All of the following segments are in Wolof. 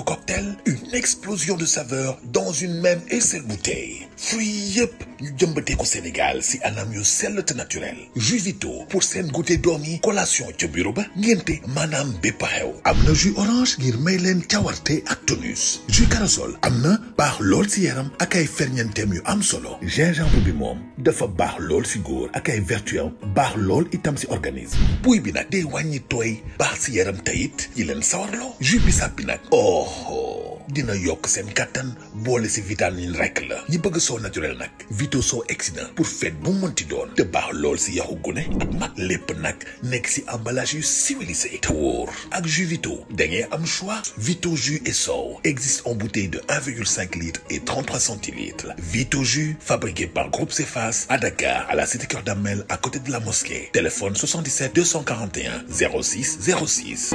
cocktails une une explosion de saveurs dans une même et seule bouteille Fuyep, yi yëpp ko Sénégal si anam yu sell naturel Jusito pour s'en goûter dormi collation ca bureau ba ngénte maanaam bépp jus orange ngir may actonus. ak tonus jus corossol amna, na l'ol si yaram ak ay ferñeenteem am solo gingembre bi moom dafa l'ol lool si gour ak ay vertu itam si organisme Puibina, bi nag day bar tooy baax si yaram tayit yi jus oh, oh dina yok sen katan bolé si vitamine rek la ñi bëgg so naturel nak Vito soo exsident pour fête bu monti doon te baax lool si yaxu gune ak mag lepp nak nek emballage yu civilisé tour ak jus Vito da am choix Vito jus et so existe en bouteille de 1,5 litre et 33 centilitres Vito jus fabriqué par Groupe Cefas à Dakar à la cité cœur Damel à côté de la mosquée téléphone 77 241 06 06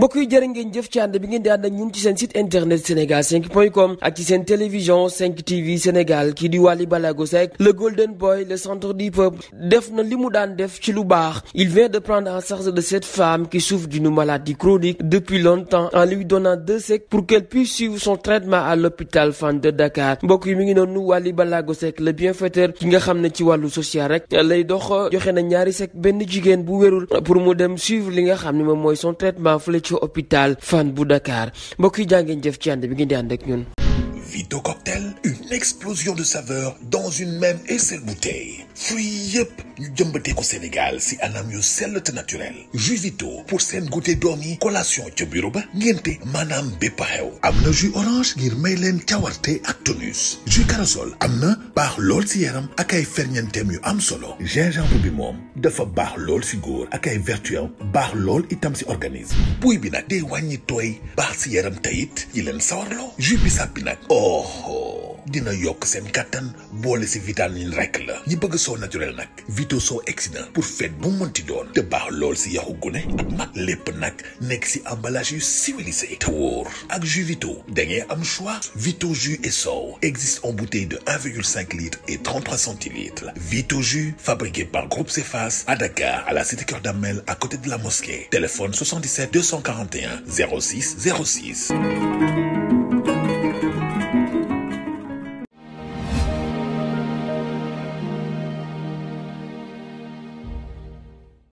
mbokk yi jërë ngeen jëf ci ànd bi ngeen di ànd ak ñun ci seen site internet sénégal 5 point com ak ci seen télévision 5 tv sénégal kii di Wally Balago le golden boy le centre du peuple def na li mu daan def ci lu baax il vient de prendre en charge de cette femme qui souffre d'une maladie chronique depuis longtemps en lui donnant deux sec pour qu'elle puisse suivre son traitement à l'hôpital Fann de Dakar mbokk yi mi ngi noonu Wally Balago Seck le bienfaiteur ki nga xam ne ci wàllu social rek lay dox joxe na ñaari sec benn jigéen bu wérul pour mu dem suivre li nga xam ne moom mooy son traitement fële hôpital Fan bu Dakar mbokk yi jàngeen jëf ci ànd bi Vito cocktail une explosion de saveur dans une même et seule bouteille fruits ñu Sénégal si anam yu sell te naturel jus pour sen goûter dormi collation au bureau ba am jus orange ngir may leen ak tonus jus am baax lool yaram ak ay yu am solo gingembre bi mom dafa baax si goor ak ay baax lool itam si organisme Pouy bi day wañi toy baax si yaram tayit oh, oh dina yok sen katan boole ci vitamine rek la naturel nak Vito so excellent pour fête bon montidon de te l'ol lol si ya gune ak lep lepp nexi nek si emballage civilisé te wóor jus Vito dernier am choix Vito jus et so existe en bouteille de 1,5 litre et 33 centilitres Vito jus fabriqué par Groupe Cefas à Dakar à la cité cœur Damel à côté de la mosquée téléphone 77 241 06 06